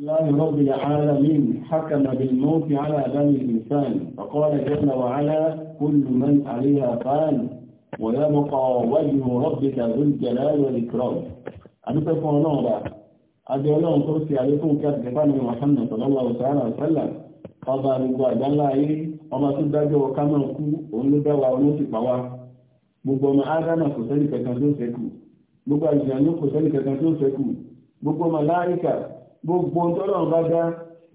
الله رب العالمين حكم بالموت على دم الإنسان فقال جل وعلا كل من عليها فان ويبقى وجه ربك ذو الجلال والإكرام أنت فعلان بقى أجلان ترسي عليكم كذبان محمد صلى الله عليه وسلم ọba gbogbo àgbáńlá ayé ọba tó dájọ́ ọká náà kú òun ló dáwà òun ló sì pa wá gbogbo ọmọ ádámà kò sẹ́ni kankan tó ṣẹ́kù gbogbo àjùyàn ló kò sẹ́ni kankan tó ṣẹ́kù gbogbo ọmọ láríkà gbogbo tọ́lọ́run bá dá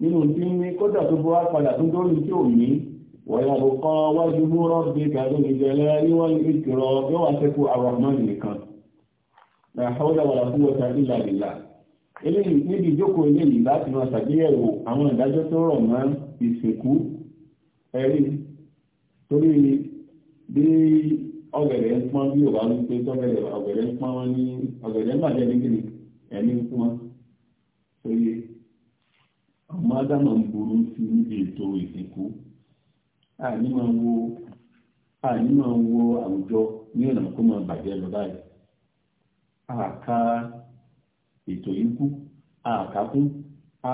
nínú tí ń ní kódà tó bọ́ apàdà tó dórí tí ò ní wọ̀yà kò kọ́ wájú mú rọ́bì tàbí ìjẹ̀lẹ̀ níwọ̀n ìkìrọ̀ tó wà sẹ́kù arahman nìkan na haúdà wà láfún wọ́ta ìlà ìlà eléyìí níbi ìjókòó eléyìí láti máa ṣàgbéyẹ̀wò àwọn ìdájọ́ ń pọ́n bí òbá ń pé tọ́gẹ̀dẹ̀ ọ̀gẹ̀dẹ̀ ń pọ́n wọn ní ọ̀gẹ̀dẹ̀ ń bàjẹ́ nígbìrì ẹ̀mí ń pọ́n oye ọmọ ádámà ń burú sí a ètò ma àní máa ń wo àní máa ń wo àwùjọ ní ọ̀nà kó máa bàjẹ́ lọ a ka ètò a àkàkún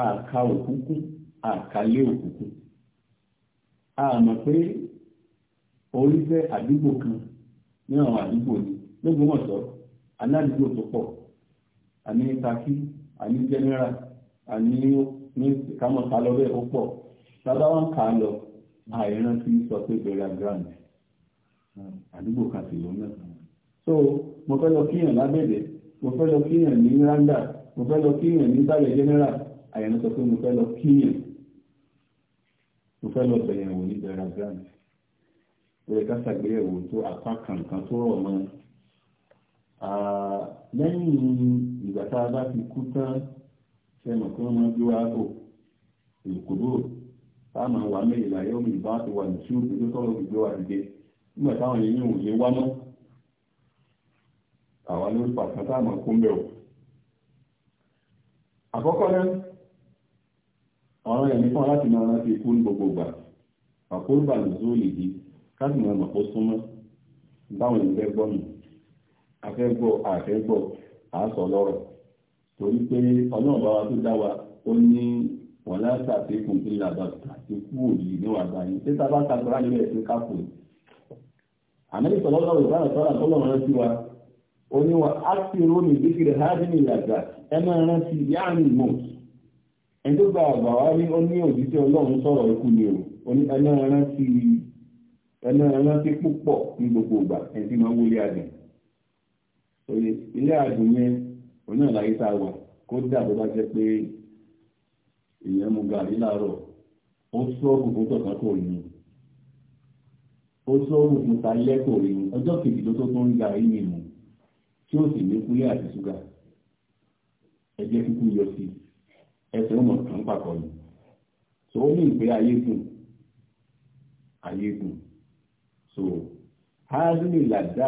àka òkúnkún àkàlé kan ni lóògbé mọ̀ sọ aládùúgbò tó àní general àní ní ìkámọ̀ ká lọ bẹ́ẹ̀ ó pọ̀ sábà wọn kà á lọ àìrán tí sọ pé burial ground àdúgbò kan sì ló náà so mo fẹ́ lọ kíyàn lábẹ́dẹ̀ mo fẹ́ lọ kíyàn ní randa mo fẹ́ lọ kíyàn ní sàlẹ̀ general àìrán sọ pé mo fẹ́ lọ kíyàn mo fẹ́ lọ bẹ̀yàn wò ní burial ground ó yẹ ká ṣàgbéyẹ̀wò tó apá kankan tó rọ̀ mọ́ ah, lẹ́yìn ìgbà tá a bá ti kú tán sẹ́nu kí wọ́n máa bí wá bò ìkúrò táwọn wà mẹ́rin láyé omi ìbá ti wà ní ṣúrù tó tọ́lọ́ fi gbé wa dìde nígbà táwọn yẹn yóò yé wá mọ́ àwa ló pàtàkì táwọn kó ń bẹ̀ o. àkọ́kọ́ náà ọ̀rọ̀ yẹn ní fún wa láti máa rántí ikú ní gbogbo ìgbà àkóńgbà lóṣù lè di káàdì máa kó súnmọ́ báwọn ìgbẹ́ gbọ́ mi àfẹ́ gbọ́ à ń sọ lọ́rọ̀ torí pé ọlọ́run bá wa tó dá wa ó ní wọn láti àtẹkùn tó ní àbàtà àti kú òyì níwà báyìí ṣé tá a bá kakura níbẹ̀ ìbára sọ́ra tó rántí wa ó ní wa á sì ní ẹ máa rántí yáàmì ẹni tó gba àgbà wa ní ó ni o ó ní ẹ máa rántí ẹ máa rántí púpọ̀ ní oye ilé àdùn yẹn oní ọ̀làyé tá a wà kó dà bó bá jẹ́ pé èèyàn mu gàrí láàárọ̀ ó sọ́ọ̀bù fún tọ̀kan kò ní ó sọ́ọ̀bù fún talẹ́ kò ní ọjọ́ kejì ló tó tó ń gàrí mi tí ó sì ní so ní ìpè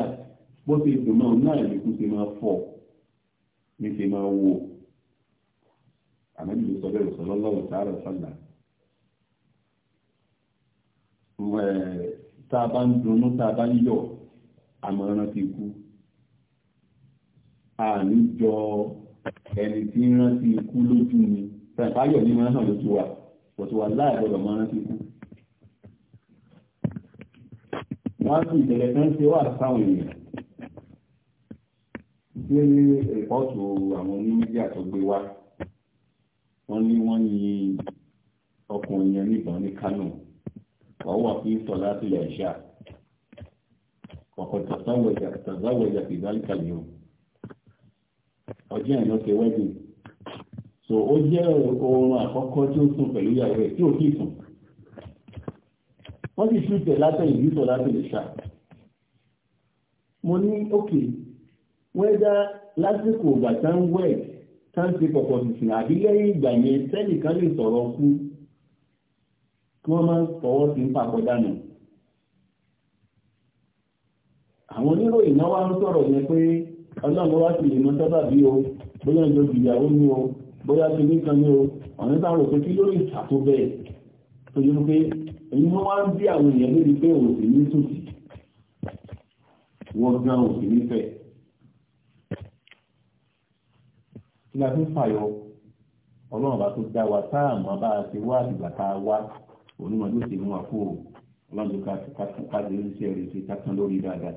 bó ṣe dùn náà náà lè kú ṣe máa fọ̀ ní ṣe máa wò àmọ́jú ló sọ bẹ́ẹ̀ sọ lọ́lọ́wọ́ sàárọ̀ sọ́là tá a bá ń dunnú tá a bá ń yọ̀ àmọ̀ràn ti kú àní jọ ẹni tí ń rántí ikú lójú ni fẹ̀fáyọ̀ ní máa hàn lójú wa pọ̀tù wà láàrọ̀lọ̀ máa rántí ikú wọ́n á sì ìbẹ̀rẹ̀ kan ṣe wà sáwọn èèyàn gbé rìpọ́ọ̀tù àwọn onímídíà tó gbé wá wọ́n ní wọ́n yin ọkùnrin yẹn níbọn ní Kánò wàhùwà fi sọ̀lá sílẹ̀ ẹ̀ṣà ọ̀kọ̀ tàzáwẹ̀jà ìdáríkàlẹ̀ o ọjọ́ ìyàn ṣe wẹ́dìn so ó jẹ́ oorun àkọ́kọ́ tí ó sùn pẹ̀lú ìyàwó ẹ̀ tí ò kí sùn wọ́n sì ṣúùtẹ̀ látẹ̀yìn ní sọ̀lá sílẹ̀ ẹ̀ṣà mo ní ókè wẹ́dá lásìkò ìgbà tá ń wẹ̀ tá ń ṣe pọ̀pọ̀ tuntun àbí lẹ́yìn ìgbà yẹn tẹ́nìkan lè sọ̀rọ̀ kú kí wọ́n máa fọwọ́ sí ń papọ̀ dànù. àwọn oníròyìn náà wá ń sọ̀rọ̀ yẹn pé ọlọ́run wá sí sábà bí o bóyá ìjọ o bóyá ti o ọ̀nà kí lórí bẹ́ẹ̀ tó yẹ pé èyí wọ́n wá ń bí àwọn èèyàn lórí pé òsì ní kí la fi fàyọ ọlọ́run bá tó dá wa táàmù bá a ti wá àtìgbà tá a wá onímọ̀ yóò ti mú wa kó o ọlọ́run ká lè ní iṣẹ́ rẹ̀ ṣe kákan lórí dáadáa.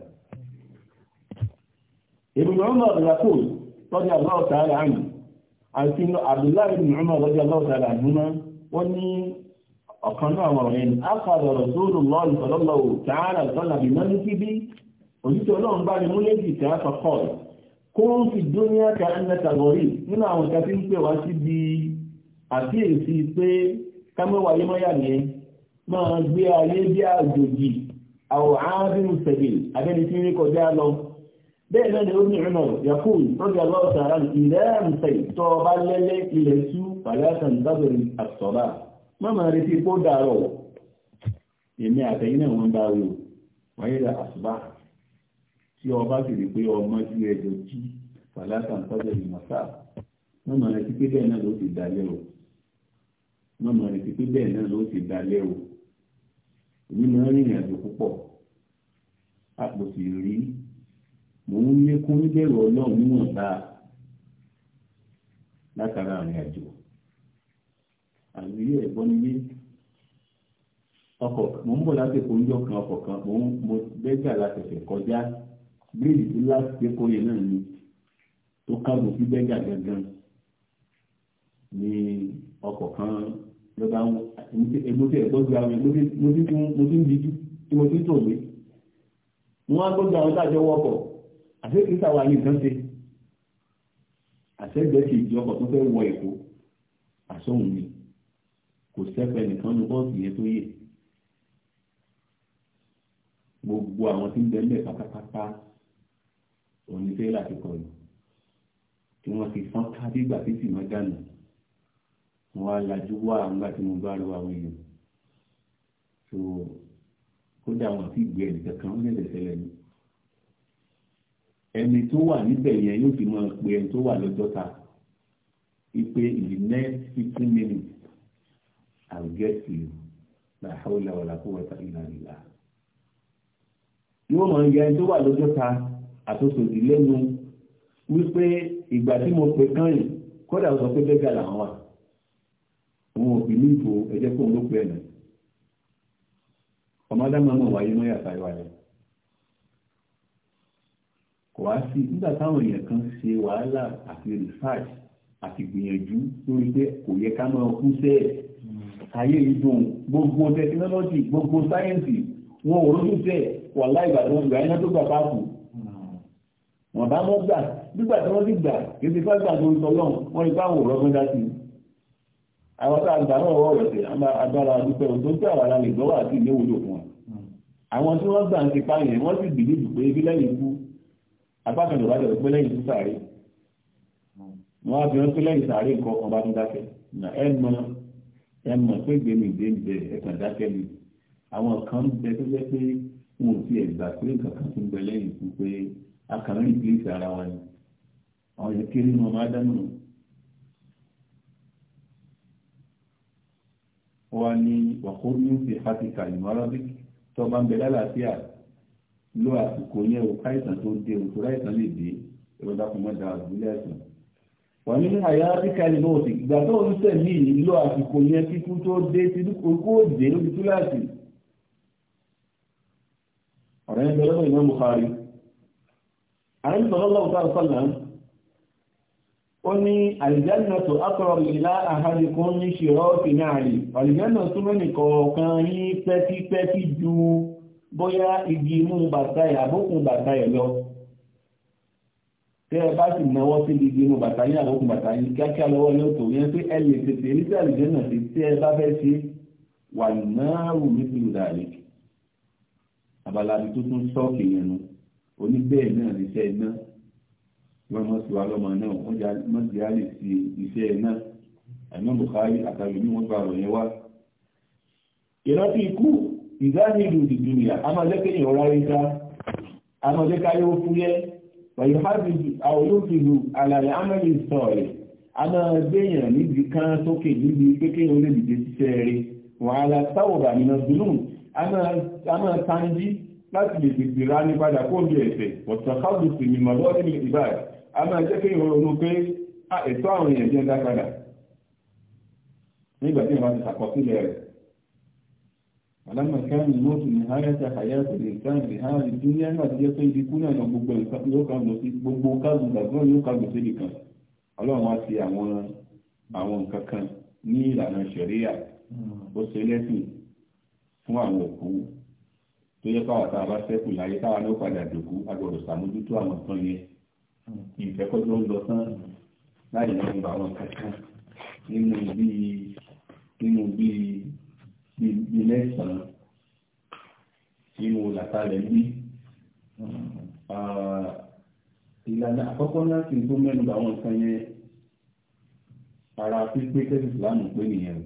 ìbùdó ọmọ ìyàkó lọ́dí àbúrò tààrà àmì àti Abdullahi ibn Umar lọ́dí àbúrò tààrà àmì wọ́n ní ọ̀kan náà wọ̀n rẹ̀ ní akọ̀dọ̀ rọ̀sọ́rọ̀ lọ́ọ̀lù tọ́lọ́lọ́ tààrà tọ́lá bí mọ́lẹ́kí bí òjútọ́ ọlọ́run bá ní múlẹ́kì tààrà kọ́ọ̀lù kóhùn fi dúníà ká ẹnẹta lọ́rí nínú àwọn ìka tí ń pè wá síbi àkíyèsí pé kámẹ́wàá yé mọ́yà ní máa gbé ayé bí àjòjì àwòrán ádùn sẹ̀gẹ̀ abẹ́ni tí ń kọjá lọ bẹ́ẹ̀ náà ni ó ní ìrìnà yakun lọ́dí aláwọ̀ sàrà ilẹ̀ àmì tó ọba lẹ́lẹ́ àtẹ̀yìn náà wọ́n dáwọ́ wáyé àsùbá tí ọba sì rí pé ọmọ tí ẹjọ́ jí fàlàkà ń tọ́jú ìmọ̀ta mọ̀mọ́ rẹ̀ ti pé bẹ́ẹ̀ náà ló ti dalẹ̀ o mọ̀mọ́ rẹ̀ ti pé bẹ́ẹ̀ náà ló ti dalẹ̀ o èmi máa ń rìnrìn àjò púpọ̀ àpò sì rí mò ń lékún níbẹ̀rù ọlọ́run níwọ̀nba látara àrìn àjò àmì ẹ̀gbọ́n nílé ọkọ̀ mò ń bọ̀ láti kó kan ọkọ̀ kan mò ń mo bẹ́jà látẹ̀fẹ̀ kọjá bíríìjì tí láti kó yẹn náà ni tó kábò sí bẹ́gà gangan ni ọkọ̀ kan ló bá ń mo ti ẹ̀gbọ́n ju àwọn mo ti ń dijú tí mo ti ń tòwé wọ́n á gbọ́dọ̀ àwọn tájọ́ wọ́pọ̀ àti ìta wa ní nǹkan ṣe àtẹ́gbẹ́ sì di ọkọ̀ tó fẹ́ wọ èkó àsọ̀hún ni kò sẹ́fẹ̀ nìkan ní bọ́ọ̀sì yẹn tó yẹ gbogbo àwọn tí ń bẹ́ẹ̀ lẹ̀ pátápátá òun ni tẹ́lá ti kọlù tí wọ́n ti fọ́n ká bígbà títì mọ́ dànù wọ́n á lajú wá àgbà tí mo bá lọ àwọn èèyàn tó kódà wọn àti ìgbé ẹnì kankan ó lè tẹ̀lé ni ẹni tó wà níbẹ̀ yẹn yóò fi máa pe ẹni tó wà lọ́jọ́ta ipe in the next fifteen minutes i will get to you la hawla wala quwwata illa billah yóò máa yẹ ẹni tó wà lọ́jọ́ta àtúnṣe ìdílé nu wípé ìgbà tí mo pè kán yìí kódà sọ pé bẹ́gà làwọn wà wọn ò bí ní ìbò ẹ̀jẹ̀ kó ló pè ẹ̀nà ọmọdé máa mọ̀ wáyé mọ́ yàtà ìwà rẹ̀ kò wá sí nígbà táwọn èèyàn kan ṣe wàhálà àti research àti gbìyànjú lórí pé kò yẹ ká máa kú sẹ́ẹ̀ ayé ìdùn gbogbo tẹkinọ́lọ́jì gbogbo sáyẹ́ǹsì wọn ò lójú tẹ̀ wà láì bàtàn ìgbà iná tó gbà bá wọ́n bá mọ́ gbà nígbà tí wọ́n sì gbà kì í ti fẹ́ gbà tó ń sọ lọ́hùn wọ́n ipá wò rọ́gbọ́n dá sí i àwọn tá a gbà náà wọ́ ọ̀rọ̀ sí agbára dúpẹ́ ohun tó ń tẹ́ àwọn ará lè gbọ́wọ́ àti ìléwu lò fún wọn àwọn tí wọ́n gbà ń ti pa yẹn wọ́n sì bìlíìfù pé ibi lẹ́yìn ikú apákan ìjọba jẹ́ pé lẹ́yìn ikú sàárè wọ́n á fi hàn pé lẹ́yìn sàárè nǹkan ọba tó dákẹ́ ẹ mọ ẹ mọ pé gbèmí gbèmí bẹ ẹ kàn dákẹ́ mi àwọn kan bẹ tó jẹ́ pé wọn ò tiẹ̀ gbà pé nǹkan kan tó ń bẹ lẹ́yìn ikú pé akàrọ̀ ní pílẹ̀sì ara wa ni àwọn yẹn kéré ní ọmọ ádámù wa ni wàkó ní ti hàtìkà ìmọ̀ arabic tó bá ń bẹ lálàáfíà ló àsìkò yẹn o káìsàn tó dé o tó ráìsàn lè dé ẹ̀rọ dákun mọ́ da àbúlé ẹ̀sán wà nínú àyà áfíríkà ní bọ́ọ̀sì ìgbà tó ń sẹ̀mí ló àsìkò yẹn kíkú tó dé tí kókó dé lóbi túláàsì ọ̀rẹ́ ń bẹ lọ́wọ́ ìmọ̀ Bukhari àrẹ́bí sallallahu alaihi wasallam ó ní aljannatu aqrab ila ahadikum ní shirati na'ri àlìjánà súnmọ́ nìkọ̀ọ̀kan yín pẹ́kípẹ́kí ju bóyá igi mú bàtà ẹ̀ àbókùn bàtà ẹ̀ lọ tẹ́ ẹ bá sì náwó sí ibi inú bàtà yín àbókùn bàtà yín kíákíá lọ́wọ́ ní òtò yẹn pé ẹ lè tètè rí sí àlùjẹ́nà sí tí ẹ bá fẹ́ ṣe wà náà rù mí sí ìdàlẹ́ abala tó tún sọ́ọ̀kì yẹn nu oní bẹ́ẹ̀ náà níṣẹ́ iná wọ́n mọ̀ sí wa lọ́mọ náà wọ́n já mọ́sí á lè fi iṣẹ́ iná àìmọ́ Bukhari àtàlù ní wọ́n gba ọ̀rọ̀ yẹn wá. ìrántí ikú ìdánilù ìdùnnìyà a máa lẹ́kẹ́ yìí ọ̀rá yíká a máa lẹ́kẹ́ ayé ó fúyẹ́ pẹ̀lú hábìlì àwòlófìlù àlàyé amẹ́lì sọ̀rẹ̀ a máa gbéyàn níbi kan sókè níbi kékeré olóòdìdè ṣiṣẹ́ rẹ̀ wàhálà táwọ̀ bà nínú dùnú a máa tanjí láti lè tètè ra ní padà kó bí ẹ̀sẹ̀ ọ̀tàkàbù sí ni màbọ́ ní ìbáyìí a máa jẹ́ kí ìrọ̀rùn pé ẹ̀tọ́ àwọn èèyàn jẹ́ dá padà nígbà tí wọ́n ti ṣàkọsílẹ̀ rẹ̀ alámọ̀ká ni wọ́n tún ní háyàtà háyàtà lè sáà lè há lè tún ní àgbà tó jẹ́ pé ibi kú náà lọ gbogbo gbogbo kágùn gbàgbọ́n yóò kágùn síbi kan ọlọ́run á ti àwọn àwọn nǹkan kan ní ìlànà ṣẹ̀ríyà ó ṣe lẹ́sìn fún àwọn òkú tó yẹ káwọn tá a bá sẹ́kù láyé táwa ló padà dòkú agbọ̀dọ̀ sàmójútó àwọn nǹkan yẹn ìfẹ́kọ́jọ́ ń lọ tán láì lọ́rùn bá àwọn kankan nínú bí nínú bí ilé ìsàn nínú làtàlẹ̀ ní ìlànà àkọ́kọ́ láti tó mẹ́nu bá àwọn nǹkan yẹn ara pípé tẹ́sí ìsìlámù pé nìyẹn o.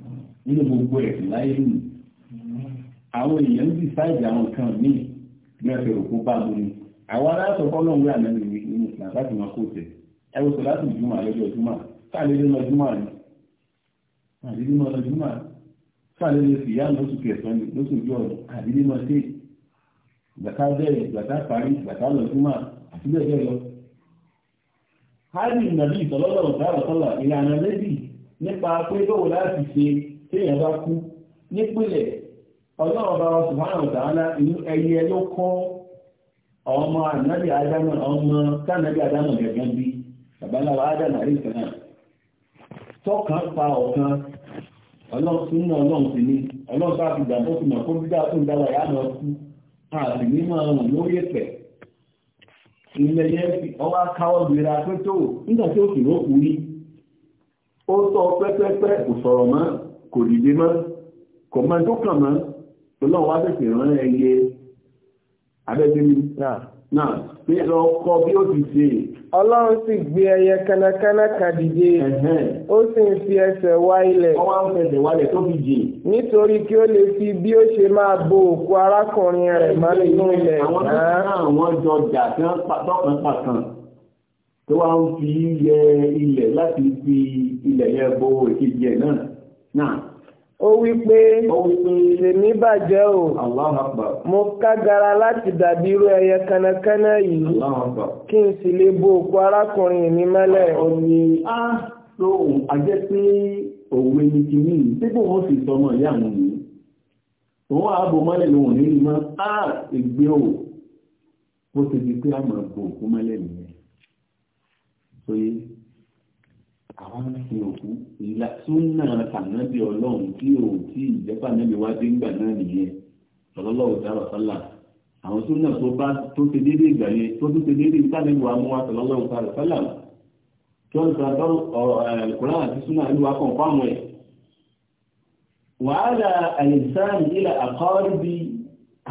nínú gbogbo ẹ̀sìn láyé nù àwọn èèyàn ń dìsáìdì àwọn kan míì bí wọ́n bá lórí àwọn aláṣọ láti máa kó tẹ̀ ẹ wo sọ láti jùmọ̀ àlejò jùmọ̀ káàlejò lọ jùmọ̀ ni àdídí mọ́ lọ jùmọ̀ káàlejò sì yá lóṣù kẹsàn-án lóṣù àdídí sí gbàtà bẹ́ẹ̀ gbàtà parí gbàtà lọ àti bẹ́ẹ̀ bẹ́ẹ̀ lọ. hádìí nàbí ìtọ́lọ́lọ́ téèyàn bá kú ku ọlọ́run bá wọn subhanahu wa inú ẹyẹ ló kọ́ ọmọ ànábì ádámù ọmọ kánábì ádámù gẹ̀gẹ́ bí babaláwa ádámù àríkàn náà tọ́kàn pa ọ̀kan ọlọ́run náà ọlọ́run sì ni ọlọ́run bá fi dàbọ̀ fún bí dáa fún ìdáwà yá lọ kú mímọ́ lórí ẹ̀pẹ̀ ilẹ̀ yẹn fi gbéra nígbà tí kò dìde mọ́ kò mọ́ tó kàn mọ́ ọlọ́run wá tẹ̀sẹ̀ rán ẹyẹ abẹ́bíní náà pé lọ kọ́ bí ó ti ṣe. ọlọ́run sì gbé ẹyẹ kánákáná kan dìde ó sì ń fi ẹsẹ̀ wá ilẹ̀. wọ́n wá ń fẹsẹ̀ wálẹ̀ tó fi jìn. nítorí kí ó lè fi bí ó ṣe máa bo òkú arákùnrin rẹ̀ mọ́lẹ̀ nínú ilẹ̀. àwọn tó ń ká àwọn jọ jà tí wọ́n tọkàn pàkan tó wá ń fi yẹ ilẹ̀ láti fi ilẹ̀ yẹn bo èkejì ẹ̀ náà. O ó wí pé tèmi bàjẹ́ o mo kágara láti dàbí ẹyẹ kanakana yìí kí n sì lè bo òkú arákùnrin mi mẹ́lẹ̀. ọ̀nì ajẹ́ ni ti ní sípò wọ́n sì sọmọ ìyá àwọn yìí òun ààbò mọ́lẹ̀ ní ìmọ̀ á ègbé o bó ti àwọn ti òkú ìlà súnà kànáàbì ọlọ́run tí ò tí ìjẹ́pà náàbì wá dé ńgbà náà nìyẹn lọ́lọ́lọ́wọ́ dára sálà àwọn súnà tó bá tó ṣe déédé ìgbà yẹn tó tún ṣe déédé ìsàlẹ̀wò amúwa lọ́lọ́wọ́ dára sálà tí wọ́n ti sọ ọ̀rọ̀ ẹ̀kúrán àti súnà ìlú wa kàn fáwọn ẹ̀. wàhálà àyẹ̀sáàmì ilà àkọ́rí bíi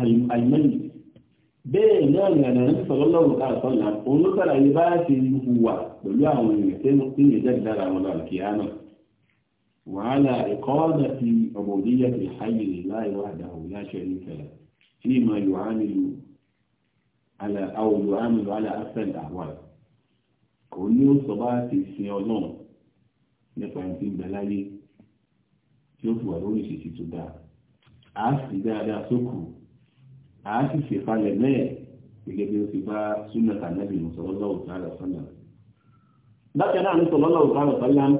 àlùmọ́nì bẹ́ẹ̀ náà ní àdàrà ní sọ̀lọ́lọ́rùn káàkọ́lá òun ló sàlàyé bá ṣe hùwà pẹ̀lú àwọn èèyàn tẹ́nu tí ní ìjẹ́ ìdára wọn lọ kí á náà wàhálà ẹ̀kọ́ ọ̀dà ti ọmọ òdíyà ti háyè láì wá àdá láṣẹ ní kẹlẹ tí mà yọ àmìlú àlà àwòlò àmìlú àlà àfẹ́lẹ̀ àwà òun ni ó sọ bá ti sin ọlọ́run nípa ẹni tí ń bẹ láyé tí ó fi wà lórí ìṣèṣì a sì ṣèpalẹ̀ mẹ́ẹ̀ gẹ́gẹ́ bí ó ti bá súnà tànàbì sallallahu ta'ala wa sallam. bákan náà ní sallallahu ta'ala wa sallam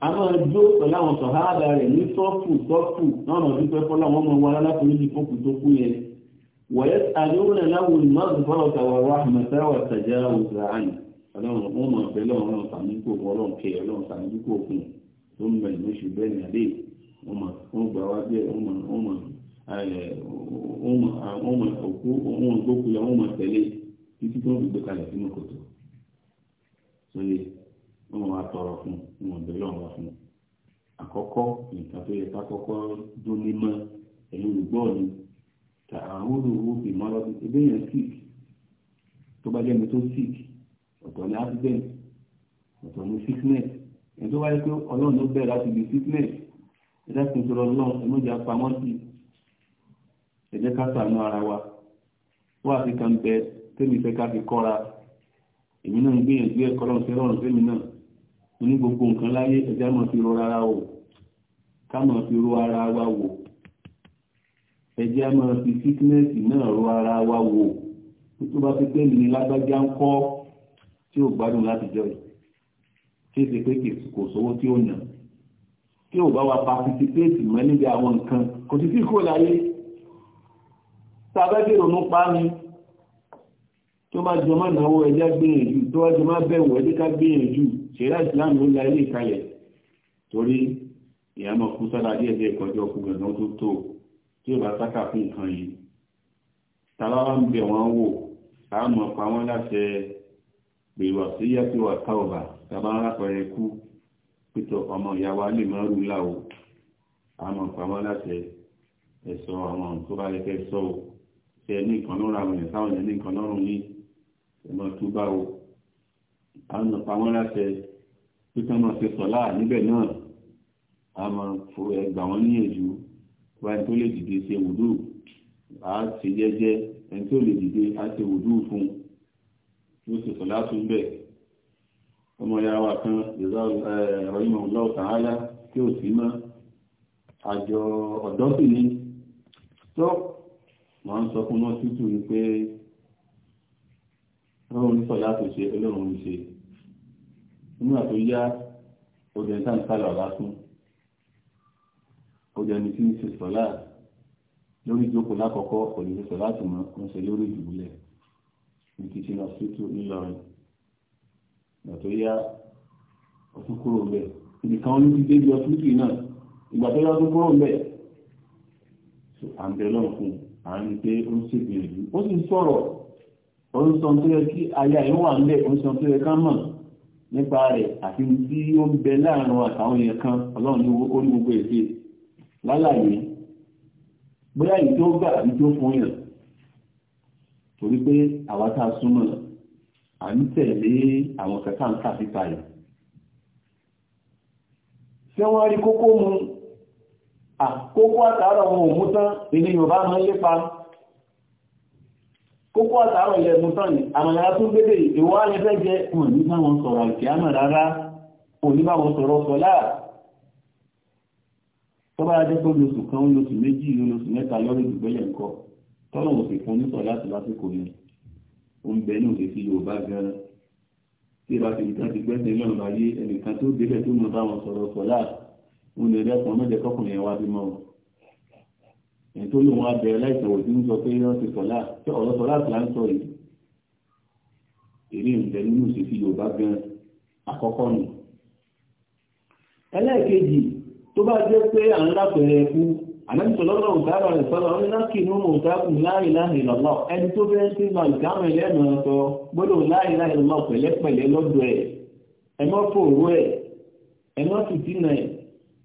a máa jó pẹ̀lú àwọn sọ̀hádà rẹ̀ ní sọ́ọ̀fù sọ́ọ̀fù náà lọ dúpẹ́ fọ́lá wọn máa wá alákòóyè fókù tó kú yẹn ويسألون له المغفرة والرحمة والتجاوز عنه ọlọ́run wọn mọ̀ pé lọ́run sàmíkò ọlọ́run kẹ ọlọ́run sàmíkò fún un tó ń bẹ̀rẹ̀ lóṣù bẹ́ẹ̀ ní adé ọmọ òkú ọmọ ìgbókù yọ ọmọ tẹ̀lé títí tí wọ́n fi gbé kalẹ̀ sínú kòtò sóye wọ́n máa tọrọ fún wọn bẹ̀rẹ̀ lọ́wọ́ wa fún àkọ́kọ́ nǹkan tó yẹ ká kọ́kọ́ dún mímọ́ ẹ̀yìn olùgbọ́ ni tà àwọn olùwò fi mọ́ lọ́dún ebe yẹn sick tó bá jẹ́ mi tó sick ọ̀tọ̀ ní accident ọ̀tọ̀ ní sickness ẹni tó wáyé pé ọlọ́run ló bẹ̀rẹ̀ láti di sickness ẹ dákun tó lọ lọ́run ẹ mọ̀jà pamọ́ sí i ẹ jẹ́ ká ṣàánú ara wa wá sí kan bẹ tẹ́mi fẹ́ ká fi kọ́ra èmi náà ń gbìyànjú ẹ̀kọ́ lọ́run sí ọlọ́run fẹ́mi náà mo ní gbogbo nǹkan láyé ẹja máa fi ro ara wò ká máa fi ro ara wa wò ẹja máa fi fífínẹ́sì náà ro ara wa wò tó bá fi tẹ́mi ní lágbájá ń kọ́ tí ò gbádùn láti jọ yìí pé kò sówó tí ó yàn tí ò bá wa pa fitiféètì mọ́ níbi àwọn nǹkan kò sì sí kó láyé tàbẹ́bí ronú pa mi tó bá jọ máa náwó ẹjá gbìyànjú tó wájú máa bẹ̀wò ẹjẹ́ ká gbìyànjú ṣẹlá ìsìláàmù ó la ilé ìkalẹ̀ torí ìyàmọ̀ kú sára díẹ̀ díẹ̀ kọjọ́ ọkùn gbẹ̀gbọ́n tó tó tí ó bá sáka fún nǹkan yìí tàbá wá ń bẹ̀ wọ́n wò àmọ́ pa wọ́n láṣẹ gbèrò àṣíyá tí wà tá ọ̀bà tàbá rápẹrẹ kú pítọ̀ ọmọ ìyá wa lè máa rú láwo àmọ́ pa wọ́n láṣẹ ẹ̀sọ́ àwọn tó bá lẹ́kẹ́ sọ́ọ̀ tí ẹ ní nǹkan lọ́rọ̀ àwọn ẹ̀ táwọn ẹ̀ ní nǹkan lọ́rùn yìí ẹ máa bá o àwọn ọ̀pá wọn láṣẹ pé kí wọ́n máa ṣe sọ̀lá níbẹ̀ náà a máa fo ẹgbà wọn níyànjú wáyé tó lè dìde ṣe wùdú a ṣe jẹ́jẹ́ ẹni tó lè dìde a ṣe wùdú fún yóò ṣe sọ̀lá tún bẹ̀ ọmọ ìyá wa kan ìrọ̀yìn ọlọ́ọ̀ tààlà tí ò sí mọ́ àjọ ọ̀dọ́ sì ni mo ń sọ fún mọ́tútù ni pé ọlọ́run sọ láti ṣe ọlọ́run ṣe nígbà tó yá obìnrin tá à ń sálọ lásán obìnrin tí ń ṣe sọlá lórí ìjókòó lákọ̀ọ́kọ́ kò ní ṣe sọlá tó mọ́ ń ṣe lórí ìdùbúlẹ̀ ní kìtì náà tútù ńlọrin ìgbà tó yá ọtún kúrò bẹ́ẹ̀ nìkan olókìdé bí ọtún tù náà ìgbà tó yá ọtún kúrò bẹ́ẹ̀ àǹdẹ̀ lọ́rùn fún un à ń pé ó ń ṣèbéèrè ó sì sọ̀rọ̀ ó ń sọ tó yẹ kí aya ẹ̀ wà ńlẹ̀ ó ń sọ tó yẹ ká mọ̀ nípa rẹ̀ àti tí ó ń bẹ láàrin àtàwọn èèyàn kan ọlọ́run ní orí gbogbo èdè lálàyé bóyá ìjó gbà ìjó fún yàn torí pé àwa tá a súnmọ́ à ń tẹ̀lé àwọn kẹta ń kà síta yìí ṣé wọ́n rí kókó mu àkókò àtàrà wọn ò mú tán ilé yorùbá máa ń lépa kókó àtàrà ilẹ̀ mú tán ni àmàlà tó gbédè ìwọ́ ayẹfẹ́ jẹ wọn ní bá wọn sọ̀rọ̀ àìkíámà rárá wọn ní bá wọn sọ̀rọ̀ sọ́lá tó bá jẹ́ pé lóṣù kan lóṣù méjì lóṣù mẹ́ta lórí ìgbẹ́lẹ̀ ńkọ́ tọ́lọ̀ wọn sì fún ní sọ̀rọ̀ láti lásìkò yẹn ó ń bẹ ní òṣè sí yorùbá gan-an tí ìbá ti ìtàn ti gbẹ́sẹ̀ lọ́nà ayé ẹnìkan tó délẹ̀ tó mọ bá wọn sọ̀rọ̀ sọ́lá òun lè dẹ́kun mẹ́jẹ kọkùnrin yẹn wá bímọ o èyí tó lóun wá bẹ̀rẹ̀ láìsàn òdì ń sọ pé wọ́n ti sọ̀lá tí ọ̀rọ̀ sọ̀lá ti là ń sọ yìí èrè ìbẹ̀ nínú ìṣèṣì Yorùbá gan àkọ́kọ́ nù ẹlẹ́ẹ̀kejì tó bá jẹ́ pé à ń lápẹ̀rẹ̀ ẹkú àlẹ́sọ̀lọ́rọ̀ òtàrà rẹ̀ sọ́lọ́ ní láti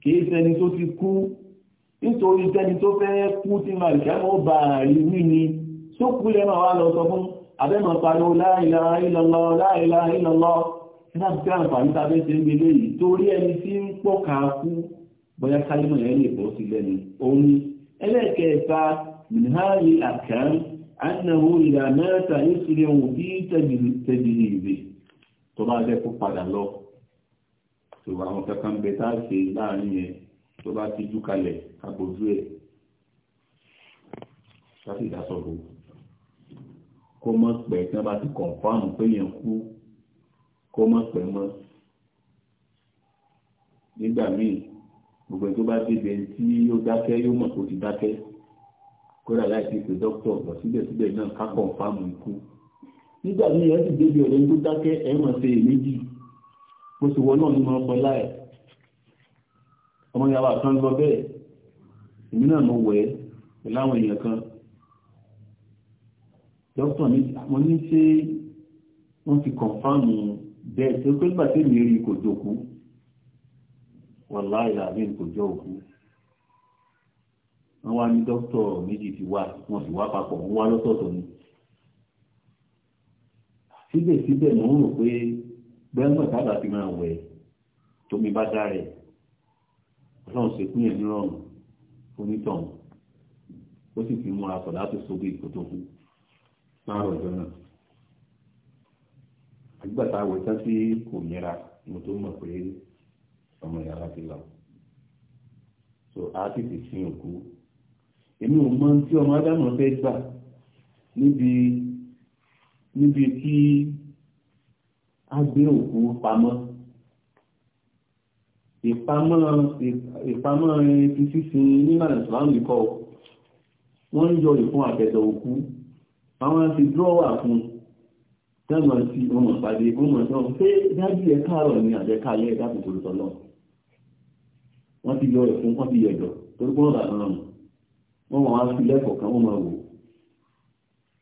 kìí ṣẹni tó ti kú nítorí sẹ́ni tó fẹ́ kú tí máa ìṣẹ́mọ́ bá rí wí ni sókú lẹ́nà wá lọ sọ fún abẹ́mọ̀ pariwo la ilaha illallah la ilaha illallah láti fẹ́ àǹfààní tàbí ṣe ń gbélé yìí torí ẹni tí ń pọ̀ ká kú bóyá kálímọ̀ yẹn lè bọ́ sí lẹ́nu òun ẹlẹ́kẹ̀ẹ́ta minhari àkàn annahu ìlànà tàbí sílẹ̀ òun bí tẹ̀bìlì ìbè tó bá lẹ́kọ̀ọ́ padà lọ tó bá àwọn kankan bẹ tá a ṣe láàrin yẹn tó bá ti jú kalẹ̀ àbójú ẹ̀ láti ìdásọ̀bò kó mọ̀ pẹ́ tí wọ́n bá ti kọ̀ǹfàmù pé yẹn kú kó mọ̀ pẹ́ mọ́ nígbà míì gbogbo ẹni tó bá débi ẹni tí yóò dákẹ́ yóò mọ̀ kó ti dákẹ́ kódà láì fi pé dókítà lọ síbẹ̀síbẹ̀ náà ká kọ̀ǹfàmù ikú nígbà míì ẹ sì débi ọ̀rẹ́ tó dákẹ́ ẹ mọ̀ ṣe èméjì mo sì wọ náà ní mo pẹ láì ọmọ ìyàwó àkàn lọ bẹ́ẹ̀ èmi náà mo wẹ̀ pẹ̀lú àwọn èèyàn kan dókítà mi mo ní ṣé wọ́n ti kọ̀ǹfàmù bẹ́ẹ̀ tó pé gbà tèmi rí kò jòkó wàláì làbí kò jọ òkú wọ́n wá ní dókítà méjì ti wá wọ́n sì wá papọ̀ wọ́n wá lọ́tọ̀ọ̀tọ̀ ni síbẹ̀síbẹ̀ mo ń rò pé gbẹ́ngbọ̀n tábà fi máa wẹ̀ tómi bá dá rẹ̀ ọlọ́run ṣe fún yẹn nírọ̀rùn onítọ̀hún ó sì fi múra sọ̀ láti sóbi ìkótókù láàárọ̀ ọjọ́ náà àgbàtà àwẹ̀ tán sí kò nira mo tó mọ̀ pé ọmọ yàrá ti lọ so a ti ti sin òkú èmi ò mọ tí ọmọ ádámọ̀ fẹ́ gbà níbi níbi tí á gbé òkú pamọ́ ìpamọ́ ìpamọ́ ti sísin nílànà ìsìláàmù ikọ̀ wọ́n ń yọ ìfún àtẹ̀tẹ̀ òkú àwọn ti dúrọ́wà fún tẹ́mọ̀ sí ọmọ pàdé ọmọ náà pé dájú ẹ káàrọ̀ ní àjẹkálẹ̀ ẹ̀dá kòkòrò tọ́lọ́ wọ́n ti yọ ìfún wọ́n ti yẹ̀dọ̀ torí pé wọ́n bàbá rọrùn wọ́n wọ́n á fi lẹ́kọ̀ọ́ kan wọ́n máa wò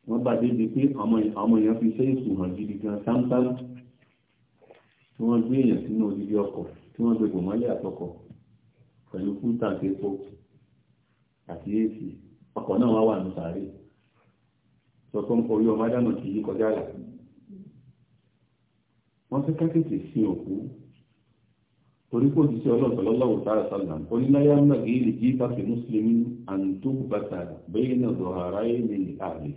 wọ́n bàdé di pé àwọn èèyàn fi ṣe ìsùn hàn gidi gan sáńsáń tí wọ́n gbé èèyàn sínú odidi ọkọ̀ tí wọ́n gbé gbòmọ́lẹ̀ àtọkọ̀ pẹ̀lú kúńtà képo àti èsì ọkọ̀ náà wá wà ní sàárè sọ pé orí ọmọ adánà kì í kọjá là wọ́n fẹ́ kákètè sin òkú torí kò ti ṣe ọlọ́ọ̀tọ̀lọ́lọ́wò sára sálà oníláyà ń gbàgbé ilé jí pàṣẹ mùsùlùmí àǹtó bàtà bẹ́ẹ̀ náà dọ̀ ara ẹ̀ ní àlè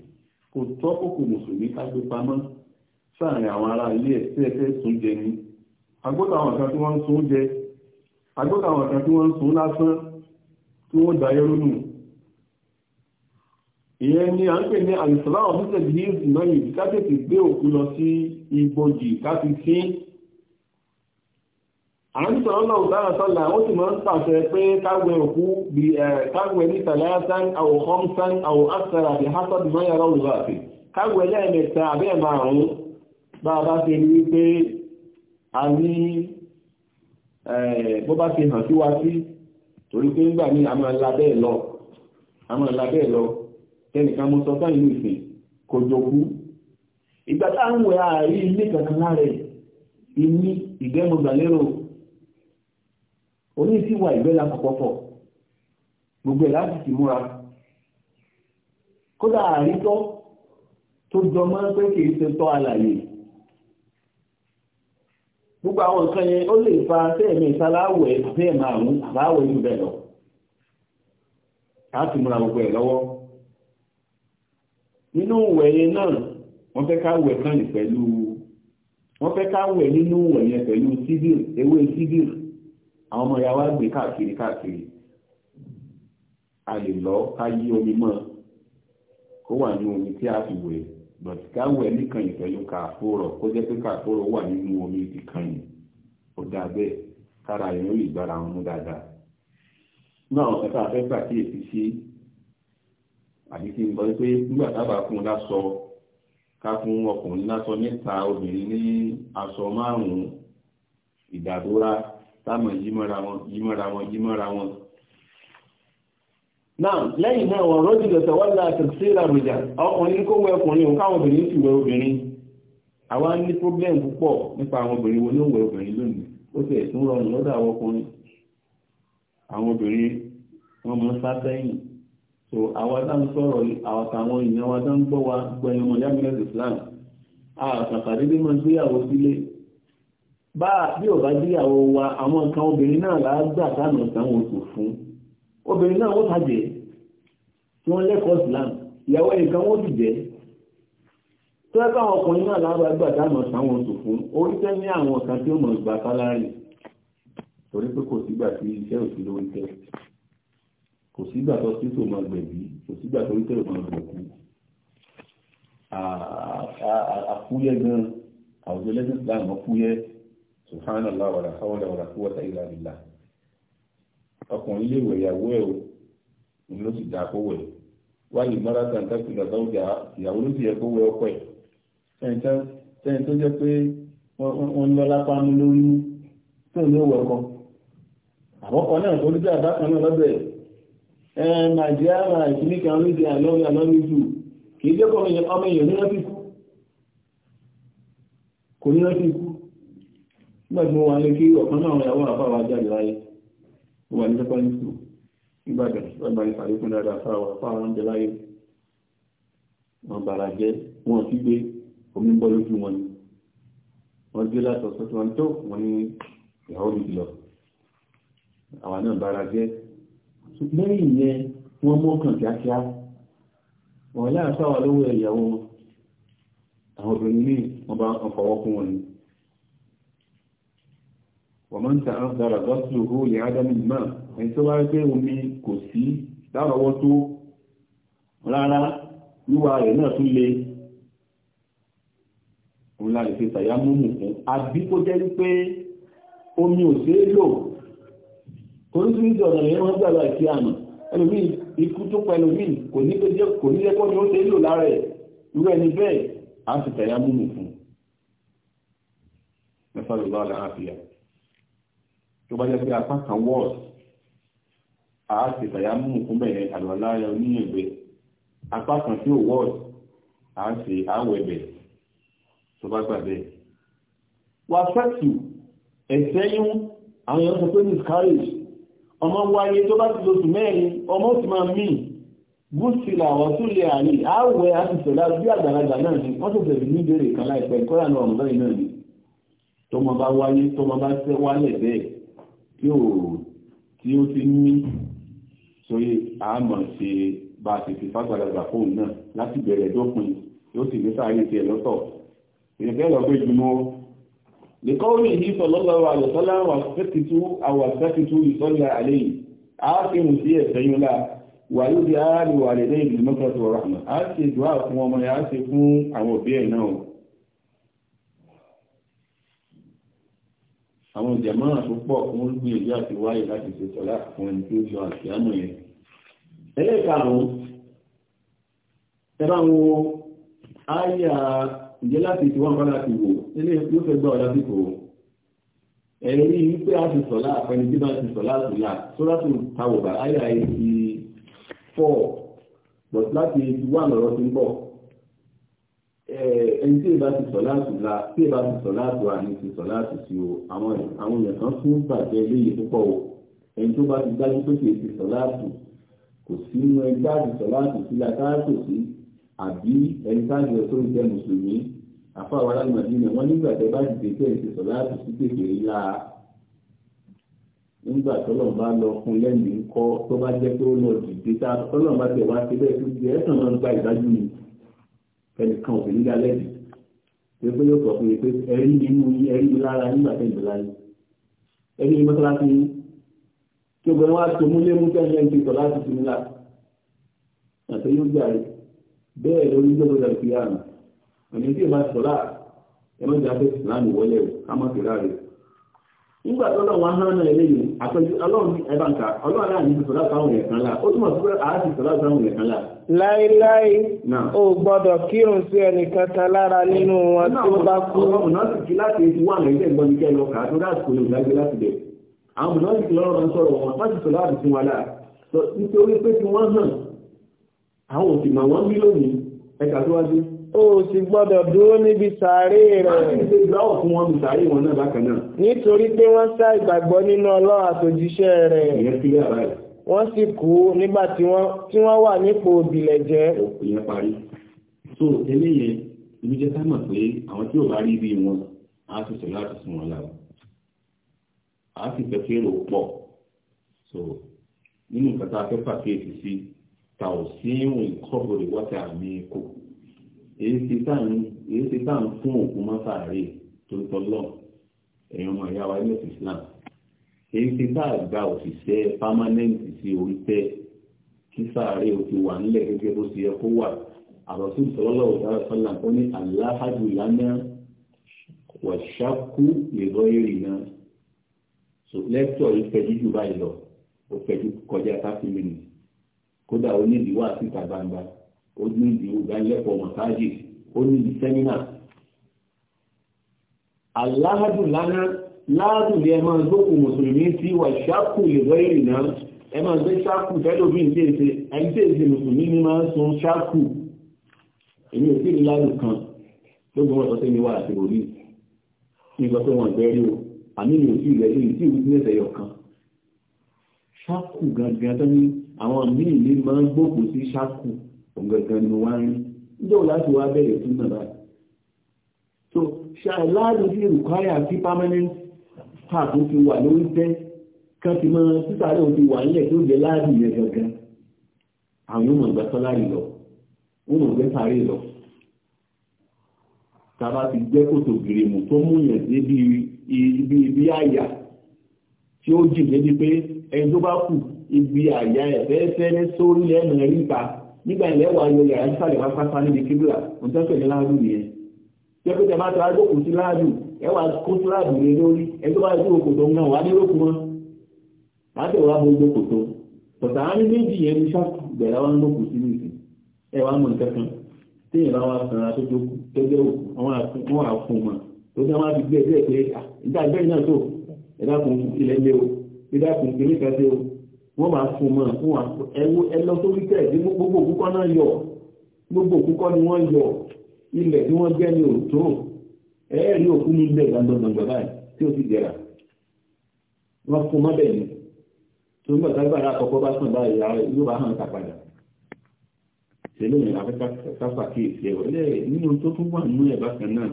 kò tọ́ kókò mùsùlùmí ká gbé pamọ́ sáàrin àwọn ará ilé ẹ̀ tẹ́ẹ̀tẹ́ sún jẹ ni agbóta àwọn kan tí wọ́n ń sun jẹ agbóta àwọn kan tí wọ́n ń sun lásán tí wọ́n dáyé lónù ìyẹn ni a ń pè ní àìsàláwọ̀ fúnṣẹ̀ bí ìsìnà yìí ká tètè gbé òkú lọ sí ibojì ká fi sí àǹtọ̀ ọlọ́run dára sọ́la ó sì máa ń pàṣẹ pé káwẹ òkú bí káwẹ ní tàlátán àwọn homsan àwọn asara àti hasad mọ́yàrá olùwàfẹ́ káwẹ lẹ́ẹ̀mẹ́ta abẹ́ẹ̀ a bá ṣe ní wípé a ní bó bá fi hàn sí wa sí torí pé nígbà míì a máa labẹ́ ẹ̀ lọ a máa labẹ́ ẹ̀ lọ tẹnìkan mo sọ fáìlú ìsìn kò jòkú ìgbà táwọn ẹ̀ àárí ilé kankan lára ẹ̀ ìní ìgbẹ́mọ̀gbàlérò oní sí wa ìgbẹ́lá pọ̀pọ̀pọ̀ gbogbo ẹ̀ láti ti múra kódà àrítọ́ tó jọmọ́ pé kìí ṣe tọ́ alàyè gbogbo àwọn nǹkan yẹn ó lè fa tẹ́ẹ̀mí ìsaláwẹ̀ tẹ́ẹ̀mà àrùn àbáwẹ̀ ìlú bẹ̀rẹ̀ lọ láti múra gbogbo ẹ̀ lọ́wọ́ nínú ìwẹ̀ yẹn náà wọ́n fẹ́ ká wẹ̀ kàn ní pẹ̀lú wọ́n fẹ́ ká wẹ̀ nínú ìwẹ̀ yẹn pẹ̀lú sídìr ewé sídìr àwọn ọmọ ìyàwó gbé káàkiri káàkiri a lè lọ ká yí omi mọ́ kó wà ní omi tí a fi wẹ̀ but káwọ ẹni kan yìí pẹ̀lú kàfóró kó jẹ́ pé kàfóró wà nínú omi ti kan yìí ó dáa bẹ́ẹ̀ kára yẹn ó lè gbára wọn mú dáadáa náà ẹ̀ka afẹ́ gbà kí èsì sí àbí kí n sọ pé nígbà tábà fún un lásọ ká fún ọkùnrin lásọ mẹ́ta obìnrin ní aṣọ márùn-ún ìdàdúrà táwọn yímọ́ra wọn yímọ́ra wọn yímọ́ra wọn náà lẹ́yìn náà wọ́n rọ́jì lọ́tọ̀ wọ́n láti tẹ̀síra rọjà ọkùnrin kó wẹ ọkùnrin òun káwọn obìnrin sì wẹ obìnrin àwa ní problem púpọ̀ nípa àwọn obìnrin wo ló wẹ obìnrin lónìí ó sì ẹ̀sùn rọrùn lọ́dọ̀ àwọn ọkùnrin àwọn obìnrin wọ́n mọ sá sẹ́yìn so àwa tá ń sọ̀rọ̀ àwọn àtàwọn èèyàn wa tá ń gbọ́ wa gbẹnu mọ̀ yàmílẹ̀ Islam àkàkàdédé máa gbéyàwó sílé bá bí ò bá gbéyàwó wa àwọn nǹkan obìnrin náà lágbà táwọn ọ̀sán wọn kò fún obìnrin náà wọ́n tàjẹ́ tí wọ́n lẹ́kọ̀ọ́ Islam ìyàwó ẹ̀kan wọ́n sì jẹ́ tó ẹ́ káwọn ọkùnrin náà lágbàgbà dáná sáwọn sòfò orí tẹ́ ní àwọn kan tí ó mọ̀ gbà sálárì torí pé kò sígbà tí iṣẹ́ òsì lórí tẹ́ kò sígbà tó sí tò máa gbẹ̀bí kò sígbà tó rí tẹ́ ò máa gbẹ̀kú àfúyẹ́ gan àwùjọ lẹ́sìn Islam ọ̀fúyẹ́ subhanallah wàlàkàwọ́lẹ̀ wàlàkúwọ́ta ìlànà ọkùnrin lè wẹ̀ ìyàwó ẹ̀ o òun ló sì dáa kó wẹ̀ wáyé mọ́ra tàn tàbí ìgbàgbọ́ ìjà ìyàwó ló sì yẹ kó wẹ̀ ọkọ ẹ̀ sẹ́yìn tó jẹ́ pé wọ́n lọ lápá mú lórí tó ní òwò ẹ̀kọ́ àkọ́kọ́ náà tó lójú àbákan náà lọ́bẹ̀ ẹ̀ nàìjíríà máa ìkíní kan lóde àlọ́rí àlọ́rí jù kì í jẹ́kọ̀ọ́ ọmọ èèyàn ní rántí kú kò ní rántí kú nígbà tí mo wà ní kí ọ̀kan náà ìyàwó àfáwà jáde láyé mo wà ní secondary school nígbàdàn wọ́n bá ní sàlékún dáadáa fáwọn fáwọn oúnjẹ láyé wọn bàrà jẹ́ wọn ti gbé omi ń bọ́ lójú wọn ni wọ́n gbé láti ọ̀sán tí wọ́n tó wọ́n ní ìyàwó mi lọ àwọn náà bára jẹ́ lẹ́yìn yẹn wọ́n mọ́kàn kíákíá wọ́n láàá sáwà lọ́wọ́ wọn àwọn obìnrin ní wọ́n bá ọkọ̀ wọ́kún wọn ni wọ̀mọ́n ta á dára gọ́sùlù hó lè ádámù náà ẹni tó bá rí pé omi kò sí lárọ̀ọ́wọ́ tó rárá wíwá rẹ̀ náà tún le òun la lè fi tàyà múmù fún àbí kó jẹ́ wípé omi ò ṣeé lò kò ń tún ìjọba rẹ̀ wọ́n gbàgbà sí àmì ẹlòmíì ikú tó pa ẹlòmíì kò ní pé jẹ́ kò ní lẹ́kọ́ ni ó ṣe lò lára ẹ̀ irú ẹni bẹ́ẹ̀ á fi tàyà múmù fún. Mẹ́fà lè bá ọ̀la àfihàn tó bá jẹ́ pé apá kan wọ́ọ̀sì a ti tàyà mú fún bẹ̀rẹ̀ àlọ́lá oníyẹ̀gbẹ́ apá kan tí ò wọ́ọ̀sì a ṣe àwẹ̀bẹ̀ tó bá gbàgbẹ́. wà fẹ́tù ẹ̀sẹ̀ yún àwọn èèyàn sọ pé miscarriage ọmọ wáyé tó bá ti lóṣù mẹ́rin ọmọ ó ti máa mí gúúsìlà àwọn tó lè àlè àwẹ̀ àtìsẹ̀lá bí àgbàlagbà náà ni wọ́n tẹ̀sẹ̀ ní ìbéèrè kan láìpẹ́ kọ́lá ní ọmọ báyìí náà ni tọmọ bá wáyé tọmọ bá tẹ́ wálẹ̀ bẹ́ẹ̀ tí ó tí ó ti ní sórí àmọ̀ ṣe bá ti fi fágbàlagbà fóun náà láti bẹ̀rẹ̀ dópin yóò sì ní sáré tiẹ̀ lọ́tọ̀ ìrìnkẹ́ lọ pé jùmọ́ lẹ́kọ́ orí yìí sallallahu alaihi wasallam àwàsẹ́kìtú àwàsẹ́kìtú ìsọ́lá àlẹ́ yìí a fi mú sí ẹ̀sẹ̀ yóò lá wà ló di ààrẹ wà lẹ́dẹ́ ìdìmọ́kọ̀tọ̀ rahma a ṣe dùá fún ọmọ yà á ṣe fún àwọn òbí ẹ̀ náà àwọn ìjàmọ́ àtúpọ̀ fún gbìyànjú àti wáyé láti ṣe sọ́lá fún ẹni tó yọ àti àmì yẹn ẹlẹ́ẹ̀karùn-ún ẹ̀rọ àwọn àyà ìjẹ́ láti ti wọ́n kọ́lá ti wò nílé ló fẹ́ gbọ́ ọ̀dá síkò ẹ̀rí wípé a ti sọ̀lá àpẹni tí máa ti sọ̀lá àtúnyà sóràtù tàwọ̀bà àyà 84 but láti 81 lọ́rọ̀ ti ń bọ̀ Eh, ẹni tí ìbá ti sọ̀lá àtúnlá tí ìbá ti sọ̀lá àtúnlá ní ti sọ̀lá àtúnṣe o àwọn èèyàn kan tún bàjẹ́ léyìí púpọ̀ o ẹni tó bá ti dájú pé kì í ti sọ̀lá àtù kò sí inú ẹgbẹ́ àti sọ̀lá àtù sí látàkò sí àbí ẹni táàbí ọtọ́ ìjẹ́ mùsùlùmí àfọwọ́ alámọ̀dé ni wọ́n nígbà tẹ́ bá dìde pé ẹ̀ ti sọ̀lá àtù sí kékeré la nígbà tọ́lọ̀ bá lọ fún lẹ́nu ńkọ́ tó bá jẹ́ pé ó lọ dìde tá tọ́lọ̀ bá tẹ̀ wá síbẹ̀ tó jẹ́ ẹ̀sán fẹ́ni kan òbí nígbà lẹ́bi pé pé yóò sọ fún mi pé ẹ̀rí mi mú ẹ̀rí mi lára nígbà tẹ́lẹ̀ mi láyé ẹ̀rí mi mọ́sálásí yín tí obìnrin wa tó múlé mú kẹ́lẹ́ ń ti sọ láti sinmi là àti yóò gbà rẹ̀ bẹ́ẹ̀ lórí gbọ́dọ̀ rẹ̀ fi hàn ọ̀nà tí ìbá sọ láà ẹ̀mọ́ ìjà fẹ́ ìsìlámù wọlé o ká má fi rà rẹ̀ nígbà tó lọ́wọ́ hán náà eléyìí àpẹjù ọlọ́run ẹ̀bá ń kà ọlọ́run láà ní láíláí lai, gbọ́dọ̀ kírun sí ẹnìkan kan lára nínú wọn tí ó bá kú. àwọn mùnásìkì láti wà lẹ́yìn ẹ̀gbọ́n ní kẹ́lọ kà tó dáàtì kò ní ìdágbé láti bẹ̀. àwọn mùnásìkì lọ́rọ̀ ń sọ̀rọ̀ wọn láti sọ láàbì fún wa sọ nítorí pé wọ́n hàn àwọn òsì mà wọ́n bí lónìí ẹ̀ka tó wájú. o sì gbọ́dọ̀ dúró níbi sàárè rẹ̀. nítorí pé wọ́n sá ìgbàgbọ́ nínú wọ́n sì kú nígbà tí wọ́n wà nípò òbílẹ̀ jẹ́. ìyẹn parí so eléyẹn ibi jẹ́ sámọ̀ pé àwọn tí ò bá rí bí wọn á sì sọ láti sùn wọn lára á sì fẹ́ fẹ́ rò pọ̀ so nínú nǹkan tá a fẹ́ pàkíyèsí sí ta ò sí ìwọ̀n ìkọ́bùrì wọ́tà mi kò èyí ti tá à ń fún òkú mọ́sàárè tó ń tọ́ lọ́ọ̀ ẹ̀yàn ọmọ ìyá wa ní ẹ̀sìn èyí ti sáà gba òṣìṣẹ́ pámánẹ́ǹtì sí orí tẹ́ kí sáàrí o ti wà nílẹ̀ gẹ́gẹ́ bó ti yẹ kó wà àbọ̀sí ìtọ́lọ́lọ́ òdára sọ́là ó ní aláhàjù lánàá wọ̀ṣákú lèbọ́ èrì náà so lẹ́tọ̀ yìí fẹjú jù báyìí lọ ó fẹjú kọjá thirty minutes kódà ó ní ìdíwọ́ àti ìta gbangba ó ní ìdíwọ́ ìdánilẹ́kọ̀ọ́ mọ̀tájì ó ní ìdí sẹ́mínà aláhàjù lánàá láàdùn ẹ máa gbókùn mùsùlùmí sí wà ṣáàkù ìlọ́ ìrìnà ẹ máa gbé ṣáàkù tẹ́lómi ìdíyèsè ẹni tí èsì mùsùlùmí ní máa ń sun ṣáàkù èmi ò sí ìlànà kan tó gbọ́n sọ sí mi wà àti òrí nígbà tó wọn ìgbẹ́ rí o àmì mi ò sí ìlẹ̀ yìí tí ìwúsí mẹ́sẹ̀ yọ kan ṣáàkù gangan tó ní àwọn míì ní máa ń so ṣáà láàdùn sí require sí permanent pàtó fi wà lórí tẹ́ kan ti mọ́ sísàárẹ̀ òun ti wà nílẹ̀ tó jẹ́ láàbì yẹn gangan àwọn yóò mọ̀ gbà sọ́láàrì lọ wọ́n mọ̀ gbẹ́ sáré lọ tàbá ti jẹ́ kòtò gèrèmù tó múyàn débi ibi ibi àyà tí ó jì débi pé ẹni tó bá kù ibi àyà ẹ̀ fẹ́ẹ́fẹ́ ní sórí lẹ́nu rí ta nígbà ilẹ̀ wà yọ yàrá sísàlẹ̀ wá pátá níbi kíbílà òun tẹ́sẹ̀ ní láàrú yẹn jẹ́ pé tẹ̀bá tẹ̀bá jókòó sí láàrú ẹ wà kó sí láàrú lé lórí ẹjọ́ bá yóò kòtò ńgá wà ní lókun wọn láti ọ̀rá gbogbo kòtò tọ̀tà á ní méjì yẹn ní ṣáàpù bẹ̀rẹ̀ wá ń lókun sí nìsí ẹ wá mọ̀ nǹkan kan tí ìyẹn bá wá sanra tó jó tẹ́jẹ́ òkú wọn á fún wọn tó jẹ́ wọn á fi gbé ẹgbẹ́ pé ìdá ìgbẹ́ náà tó ẹ̀dá kùn ilẹ̀ lé o ìdá kùn kéré kan lé gbogbo òkú ni wọ́n yọ ilẹ̀ tí wọ́n gbẹ́ ni òtún ẹ̀ẹ́rì òkú ní ilẹ̀ gbàndọ̀gbàndọ̀ báyìí tí ó sì jẹrà wọ́n kó mọ́bẹ̀ ni tó ń bọ̀ tágbàrá àkọ́kọ́ bá sàn báyìí ààrẹ yóò bá hàn tàpadà tẹ̀lé ìrìn afẹ́fẹ́ káfà kí èsì ẹ̀wọ̀ ilé nínú tó tún wà nínú ẹ̀ bákan náà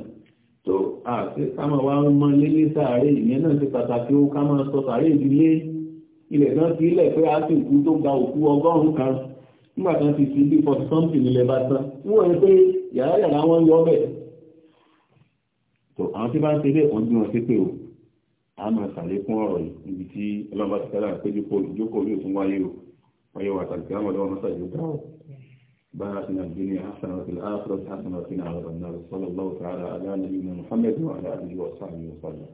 tó àti káma wá ń mọ lélé sàárè ìyẹn náà ti pàtàkì ó ká máa sọ sàárè ìdílé ilẹ̀ náà ti ilẹ̀ pé a sì kú tó ga òkú ọgọ́rùn-ún kan nígbà kan ti fi bí forty something ilẹ̀ bá tán wọ́n ẹ pé yàrá yàrá wọn yọ bẹ́ẹ̀ so àwọn tí bá ń ṣe ilé ìkan bí wọn ṣe pé o a máa ṣàlékún ọ̀rọ̀ yìí níbi tí ọlọ́mọba ti fẹ́ràn pé jókòó yóò tún wáyé o wáyé wa tàbí káwọn ọlọ́wọ́ mọ́sá yóò dá o bá a hasan àti àfúrásì hasan àti àwọn ọ̀nà sallallahu ta'ala ala nabiyina Muhammad wa ala alihi